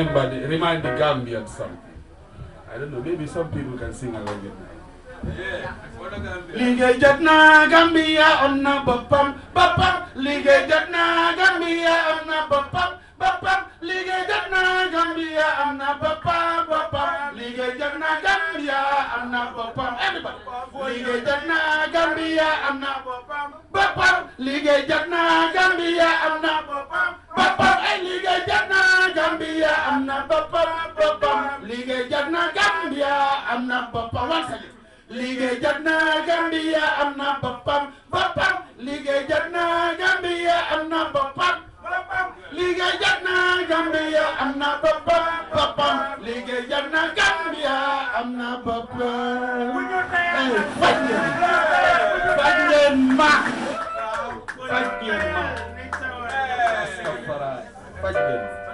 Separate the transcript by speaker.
Speaker 1: Everybody, remind the Gambian something. I don't know, maybe some people can sing along with me. liggéey jot na Gambia am na boppam boppam liggéey jot na Gambia am na boppam boppam liggéey jot na Gambia am na boppam boppam liggéey jot na Gambia am na boppam everybody liggéey jot na Gambia am
Speaker 2: na boppam
Speaker 1: boppam liggéey jot na Gambia am na boppam Gambia am na boppam boppam liggéey jot na Gambia am na boppam one second liggéey jot na Gambia am na boppam boppam liggéey jot na Gambia am na boppam boppam liggéey jot na Gambia am na boppam boppam liggéey jot na Gambia am na boppam. bu ñu tayal faj
Speaker 2: leen faj leen ma
Speaker 3: faj leen ma. faj leen ma.